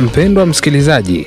Mpendwa msikilizaji,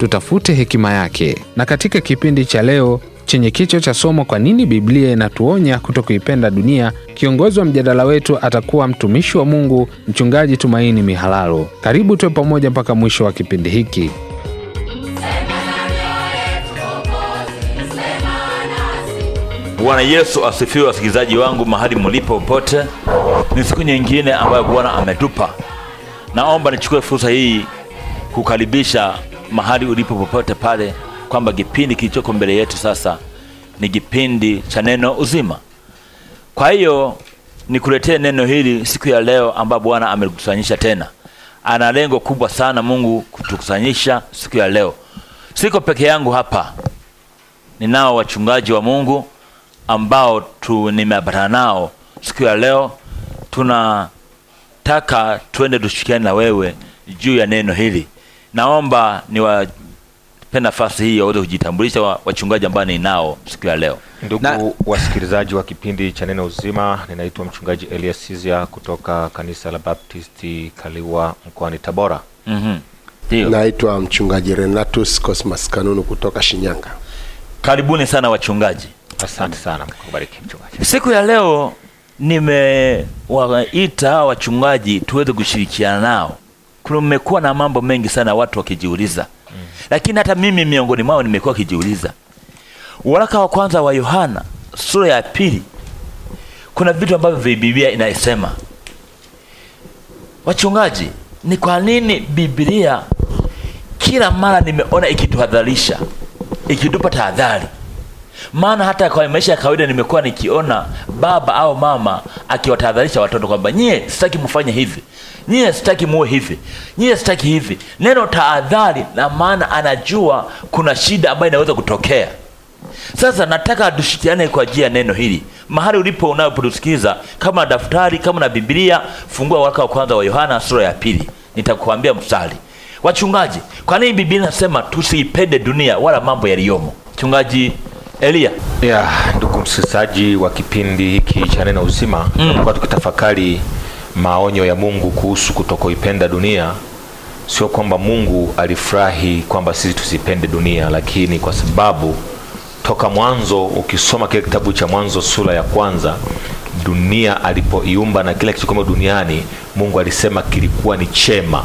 tutafute hekima yake. Na katika kipindi cha leo chenye kichwa cha somo kwa nini Biblia inatuonya kutokuipenda dunia, kiongozi wa mjadala wetu atakuwa mtumishi wa Mungu Mchungaji Tumaini Mihalalo. Karibu tuwe pamoja mpaka mwisho wa kipindi hiki. Bwana Yesu asifiwe, wasikilizaji wangu mahali mulipo popote. Ni siku nyingine ambayo Bwana ametupa. Naomba nichukue fursa hii kukaribisha mahali ulipo popote pale, kwamba kipindi kilichoko mbele yetu sasa ni kipindi cha neno uzima. Kwa hiyo nikuletee neno hili siku ya leo, ambapo Bwana amekusanyisha tena. Ana lengo kubwa sana Mungu kutukusanyisha siku ya leo. Siko peke yangu hapa, ninao wachungaji wa Mungu ambao tu nimeambatana nao siku ya leo. Tunataka twende tushikiane na wewe juu ya neno hili. Naomba niwape nafasi hii waweze kujitambulisha wachungaji ambao ninao siku ya leo. Ndugu na... wasikilizaji wa kipindi cha Neno Uzima, ninaitwa mchungaji Elias Sizia kutoka kanisa la Baptisti Kaliwa mkoani Tabora. mm -hmm. Naitwa mchungaji Renatus Cosmas Kanunu kutoka Shinyanga. Karibuni sana wachungaji. Asante sana, mkubariki mchungaji. Siku ya leo nimewaita wachungaji tuweze kushirikiana nao kumekuwa na mambo mengi sana watu wakijiuliza mm. Lakini hata mimi miongoni mwao nimekuwa kijiuliza. Waraka wa kwanza wa Yohana sura ya pili, kuna vitu ambavyo Biblia inaisema. Wachungaji, ni kwa nini Biblia kila mara nimeona ikituhadharisha, ikitupa tahadhari maana hata kwa maisha ya kawaida nimekuwa nikiona baba au mama akiwatahadharisha watoto kwamba nyie sitaki mfanye hivi, nyie sitaki muwe hivi, nyie sitaki hivi. Neno tahadhari na maana anajua kuna shida ambayo inaweza kutokea. Sasa nataka tushirikiane kwa ajili ya neno hili. Mahali ulipo unapotusikiliza, kama na daftari, kama na Biblia, fungua waraka wa kwanza wa Yohana sura ya pili, nitakuambia mstari. Wachungaji, kwa nini Biblia inasema tusiipende dunia wala mambo yaliyomo? chungaji Elia. Ya, ndugu msikilizaji wa kipindi hiki cha Neno Uzima, mm. tulikuwa tukitafakari maonyo ya Mungu kuhusu kutokuipenda dunia. Sio kwamba Mungu alifurahi kwamba sisi tusipende dunia, lakini kwa sababu toka mwanzo, ukisoma kile kitabu cha Mwanzo sura ya kwanza, dunia alipoiumba na kila kitu duniani, Mungu alisema kilikuwa ni chema.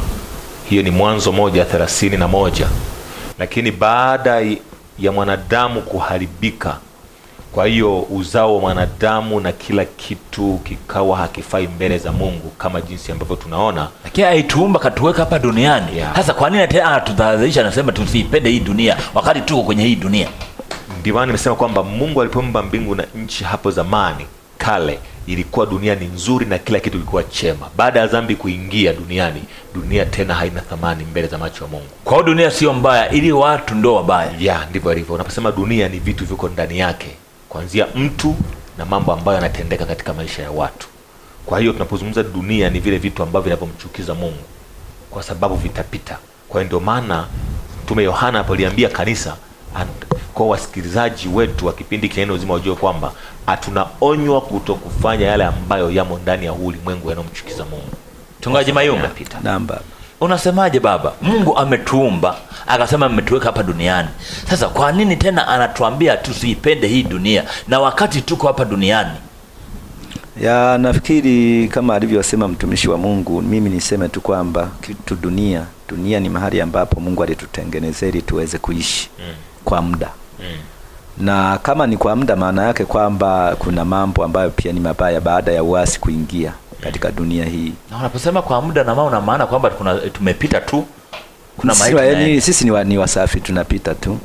Hiyo ni Mwanzo moja thelathini na moja, lakini baada ya mwanadamu kuharibika. Kwa hiyo uzao wa mwanadamu na kila kitu kikawa hakifai mbele za Mungu, kama jinsi ambavyo tunaona, lakini aituumba katuweka hapa duniani sasa yeah. Kwa nini tena anatudhalilisha, ah, anasema tusiipende hii dunia wakati tuko kwenye hii dunia? Ndio maana nimesema kwamba Mungu alipoumba mbingu na nchi hapo zamani kale ilikuwa dunia ni nzuri na kila kitu kilikuwa chema. Baada ya dhambi kuingia duniani, dunia tena haina thamani mbele za macho ya Mungu. Kwa hiyo dunia sio mbaya, ili watu ndo wabaya. Yeah, ndivyo ilivyo. Unaposema dunia ni vitu viko ndani yake, kuanzia mtu na mambo ambayo yanatendeka katika maisha ya watu. Kwa hiyo tunapozungumza dunia ni vile vitu ambavyo vinavyomchukiza Mungu, kwa sababu vitapita. Kwa hiyo ndio maana Mtume Yohana alipoliambia kanisa kwa wasikilizaji wetu wa kipindi kinaeno uzima, wajue kwamba tunaonywa kuto kufanya yale ambayo yamo ndani ya huu ulimwengu yanayomchukiza Mungu. Mchungaji Mayunga, unasemaje baba? Mungu ametuumba akasema mmetuweka hapa duniani. Sasa kwa nini tena anatuambia tusiipende hii dunia na wakati tuko hapa duniani? Ya, nafikiri kama alivyosema mtumishi wa Mungu, mimi niseme tu kwamba kitu dunia, dunia ni mahali ambapo Mungu alitutengenezea ili tuweze kuishi mm. kwa muda mm na kama ni kwa muda, maana yake kwamba kuna mambo ambayo pia ni mabaya baada ya uasi kuingia katika dunia hii. Na unaposema kwa muda, na maana maana kwamba kuna tumepita tu, kuna maisha yani, sisi ni, wa, ni wasafi tunapita tu,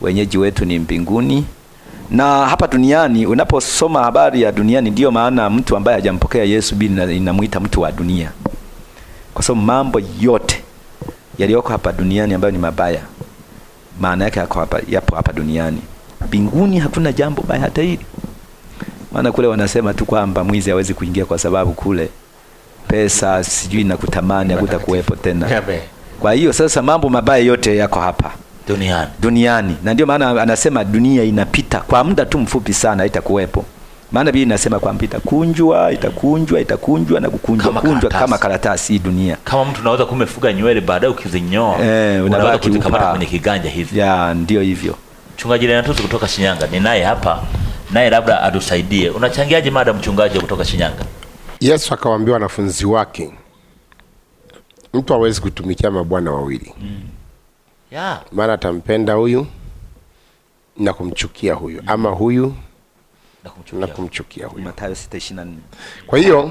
wenyeji wetu ni mbinguni na hapa duniani unaposoma habari ya duniani, ndiyo maana mtu ambaye hajampokea Yesu bili inamwita mtu wa dunia, kwa sababu mambo yote yaliyoko hapa duniani ambayo ni mabaya, maana yake yako hapa, yapo hapa duniani mbinguni hakuna jambo baya hata hili. Maana kule wanasema tu kwamba mwizi hawezi kuingia kwa sababu kule pesa sijui na kutamani hakutakuwepo tena. Kwa hiyo sasa mambo mabaya yote yako hapa duniani, duniani. Na ndio maana anasema dunia inapita kwa muda tu mfupi sana, itakuwepo maana Biblia inasema kwamba itakunjwa itakunjwa itakunjwa na kukunjwa kama kunjwa karatasi. Kama karatasi hii dunia, kama mtu unaweza kumefuga nywele baadaye ukizinyoa, eh, unaweza unabaki kwenye kiganja hivi. Ya, ndio hivyo mchungaji Leontus kutoka Shinyanga ni naye hapa, naye labda atusaidie. Unachangiaje mada mchungaji kutoka Shinyanga? Yesu akawaambia wanafunzi wake, mtu hawezi kutumikia mabwana wawili mm. yeah. maana atampenda huyu na kumchukia huyu mm. ama huyu na kumchukia, na kumchukia huyu. Mathayo 6:24. Kwa hiyo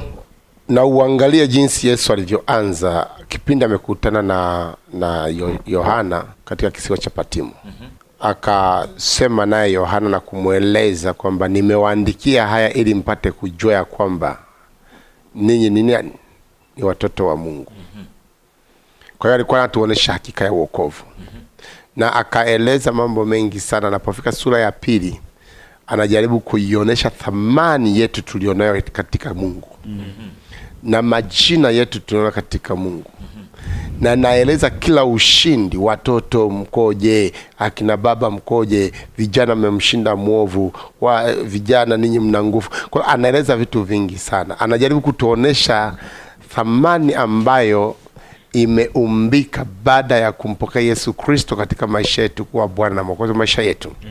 na uangalie jinsi Yesu alivyoanza kipindi amekutana na na Yohana katika kisiwa cha Patimo. mm -hmm akasema naye Yohana na kumweleza kwamba nimewaandikia haya ili mpate kujua ya kwamba ninyi ni nani, ni watoto wa Mungu. Mm-hmm. Kwa hiyo alikuwa anatuonesha hakika ya wokovu mm-hmm. na akaeleza mambo mengi sana. Anapofika sura ya pili anajaribu kuionyesha thamani yetu tulionayo katika Mungu mm -hmm. na majina yetu tunaona katika Mungu mm -hmm. na naeleza kila ushindi, watoto mkoje, akina baba mkoje, vijana mmemshinda mwovu wa vijana, ninyi mna nguvu. Kwa anaeleza vitu vingi sana, anajaribu kutuonesha thamani ambayo imeumbika baada ya kumpokea Yesu Kristo katika maisha yetu kuwa Bwana na Mwokozi maisha yetu mm.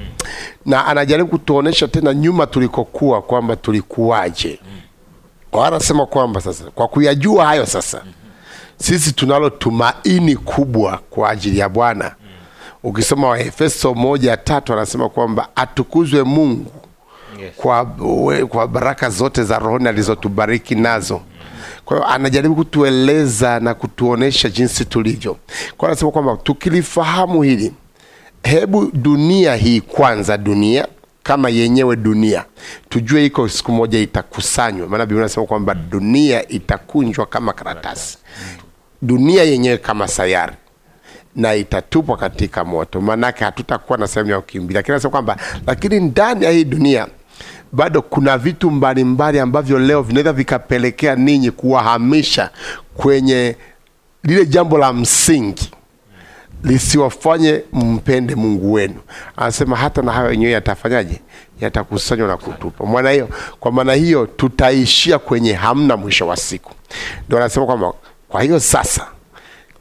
na anajaribu kutuonesha tena nyuma tulikokuwa kwamba tulikuwaje mm. kwa anasema kwamba sasa kwa kuyajua hayo sasa mm -hmm. sisi tunalo tumaini kubwa kwa ajili ya Bwana mm. ukisoma Waefeso moja tatu anasema kwamba atukuzwe Mungu Yes. Kwa, we, kwa baraka zote za rohoni alizotubariki nazo kwa hiyo anajaribu kutueleza na kutuonesha jinsi tulivyo. Kwa hiyo anasema kwamba tukilifahamu hili, hebu dunia hii kwanza, dunia kama yenyewe dunia tujue iko siku moja itakusanywa, maana Biblia inasema kwamba dunia itakunjwa kama karatasi, dunia yenyewe kama sayari na itatupwa katika moto, maanake hatutakuwa na sehemu ya kukimbilia. Lakini anasema kwamba lakini ndani ya hii dunia bado kuna vitu mbalimbali mbali ambavyo leo vinaweza vikapelekea ninyi kuwahamisha kwenye lile jambo la msingi lisiwafanye mpende Mungu wenu. Anasema hata na hayo yenyewe yatafanyaje? Yatakusanywa na kutupa mwana hiyo. Kwa maana hiyo tutaishia kwenye hamna mwisho wa siku. Ndio anasema kwamba kwa hiyo sasa,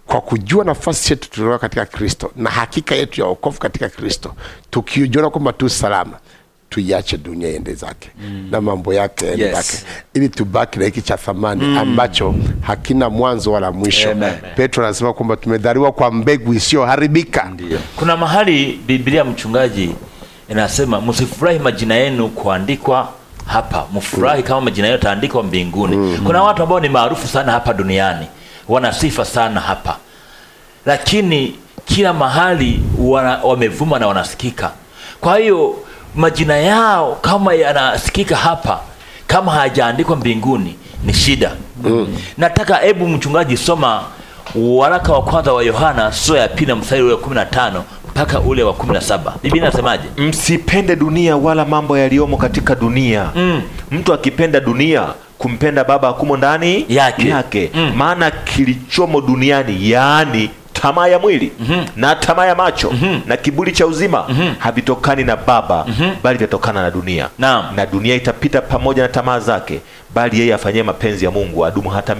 kwa kujua nafasi yetu tulionayo katika Kristo na hakika yetu ya wokovu katika Kristo, tukijiona kwamba tu salama, tuiache dunia iende zake mm. na mambo yake yes. zake ili tubaki na hiki cha thamani mm. ambacho hakina mwanzo wala mwisho Amen. Petro anasema kwamba tumedhaliwa kwa mbegu isiyoharibika. Kuna mahali Biblia mchungaji inasema msifurahi majina yenu kuandikwa hapa, mfurahi mm. kama majina yenu taandikwa mbinguni mm. Kuna watu ambao ni maarufu sana hapa duniani, wana sifa sana hapa, lakini kila mahali wamevuma na wanasikika. Kwa hiyo majina yao kama yanasikika hapa kama hajaandikwa mbinguni ni shida. Mm. Nataka hebu mchungaji soma waraka wa kwanza wa Yohana sura ya pili mstari wa 15 mpaka ule wa 17. Biblia inasemaje? Msipende dunia wala mambo yaliyomo katika dunia. Mm. Mtu akipenda dunia kumpenda Baba akumo ndani yake, yake. Mm. Maana kilichomo duniani yaani tamaa ya mwili mm -hmm. na tamaa ya macho mm -hmm. na kiburi cha uzima mm -hmm. havitokani na Baba mm -hmm. bali vinatokana na dunia na, na dunia itapita pamoja na tamaa zake, bali yeye afanyie mapenzi ya Mungu adumu hata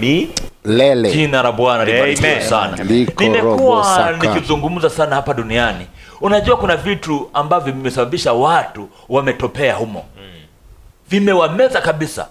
lele. Jina la Bwana libarikiwe sana. Nimekuwa nikizungumza sana hapa duniani, unajua kuna vitu ambavyo vimesababisha watu wametopea humo mm. vimewameza kabisa,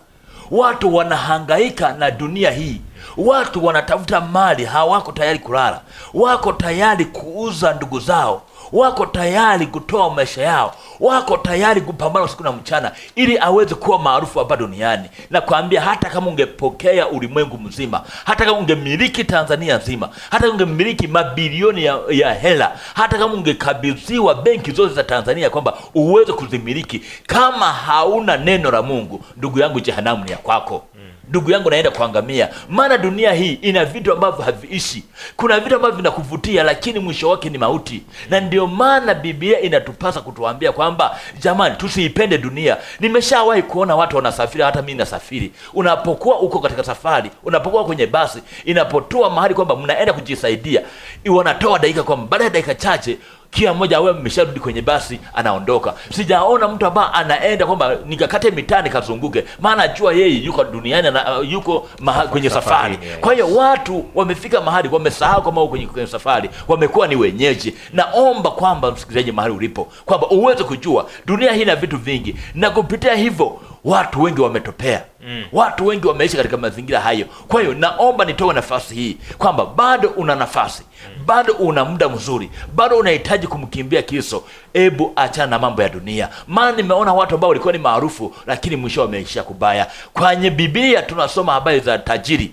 watu wanahangaika na dunia hii Watu wanatafuta mali, hawako tayari kulala, wako tayari kuuza ndugu zao, wako tayari kutoa maisha yao, wako tayari kupambana usiku na mchana ili aweze kuwa maarufu hapa duniani. Na kuambia hata kama ungepokea ulimwengu mzima, hata kama ungemiliki Tanzania nzima, hata kama ungemiliki mabilioni ya, ya hela, hata kama ungekabidhiwa benki zote za Tanzania kwamba uweze kuzimiliki, kama hauna neno la Mungu, ndugu yangu, jehanamu ni ya kwako ndugu yangu, naenda kuangamia. Maana dunia hii ina vitu ambavyo haviishi, kuna vitu ambavyo vinakuvutia, lakini mwisho wake ni mauti, na ndio maana Biblia inatupasa kutuambia kwa kwamba jamani, tusiipende dunia. Nimeshawahi kuona watu wanasafiri, hata mimi nasafiri. Unapokuwa uko katika safari, unapokuwa kwenye basi, inapotua mahali kwamba mnaenda kujisaidia, wanatoa dakika, kwamba baada ya dakika chache kila mmoja awe mmesharudi kwenye basi anaondoka. Sijaona mtu ambaye anaenda kwamba nikakate mitaa nikazunguke, maana jua yeye yuko duniani na uh, yuko maha, kwenye safari, Kwa hiyo watu wamefika mahali wamesahau kama kwenye, kwenye safari, wamekuwa ni wenyeji. Naomba kwamba msikilizaji mahali ulipo, kwamba uweze kujua dunia hii na vitu vingi, na kupitia hivyo watu wengi wametopea mm. Watu wengi wameishi katika mazingira hayo. Kwa hiyo naomba nitoe nafasi hii kwamba bado una nafasi mm. Bado una muda mzuri, bado unahitaji kumkimbia Kristo. Ebu achana na mambo ya dunia, maana nimeona watu ambao walikuwa ni maarufu, lakini mwisho wameishia kubaya. Kwenye bibilia tunasoma habari za tajiri.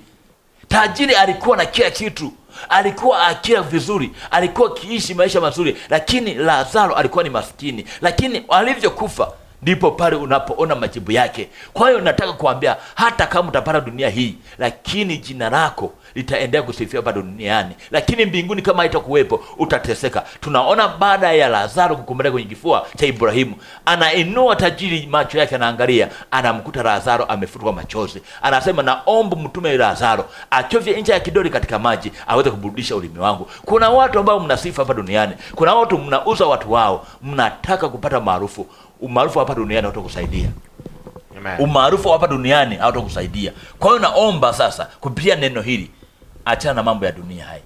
Tajiri alikuwa na kila kitu alikuwa akila vizuri, alikuwa akiishi maisha mazuri, lakini Lazaro alikuwa ni maskini, lakini alivyokufa ndipo pale unapoona majibu yake. Kwa hiyo nataka kuambia hata kama utapata dunia hii, lakini jina lako litaendelea kusifiwa bado duniani, lakini mbinguni kama itakuwepo utateseka. Tunaona baada ya Lazaro kukumbana kwenye kifua cha Ibrahimu, anainua tajiri, macho yake anaangalia, anamkuta Lazaro amefutwa machozi, anasema naomba mtume Lazaro achovye nje ya kidori katika maji aweze kuburudisha ulimi wangu. Kuna watu ambao mna sifa hapa duniani, kuna watu mnauza watu wao, mnataka kupata maarufu. Umaarufu hapa duniani hautakusaidia umaarufu hapa duniani hautakusaidia. Kwa hiyo naomba sasa kupitia neno hili achana na mambo ya dunia hai,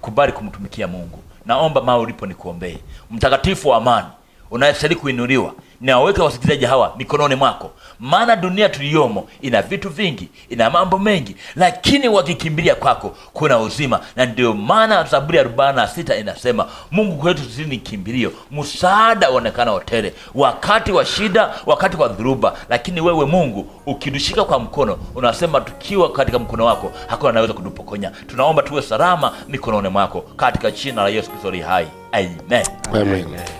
kubali kumtumikia Mungu. Naomba maa ulipo nikuombee. Mtakatifu wa amani, unayestahili kuinuliwa, nawaweka wasikilizaji hawa mikononi mwako, maana dunia tuliyomo ina vitu vingi, ina mambo mengi, lakini wakikimbilia kwako kuna uzima. Na ndio maana Zaburi ya arobaini na sita inasema, Mungu kwetu sisi ni kimbilio, msaada uonekana hotere wakati wa shida, wakati wa dhuruba. Lakini wewe Mungu ukidushika kwa mkono, unasema tukiwa katika mkono wako hakuna anaweza kutupokonya. Tunaomba tuwe salama mikononi mwako katika china la Yesu Kristo hai, amen, amen. amen.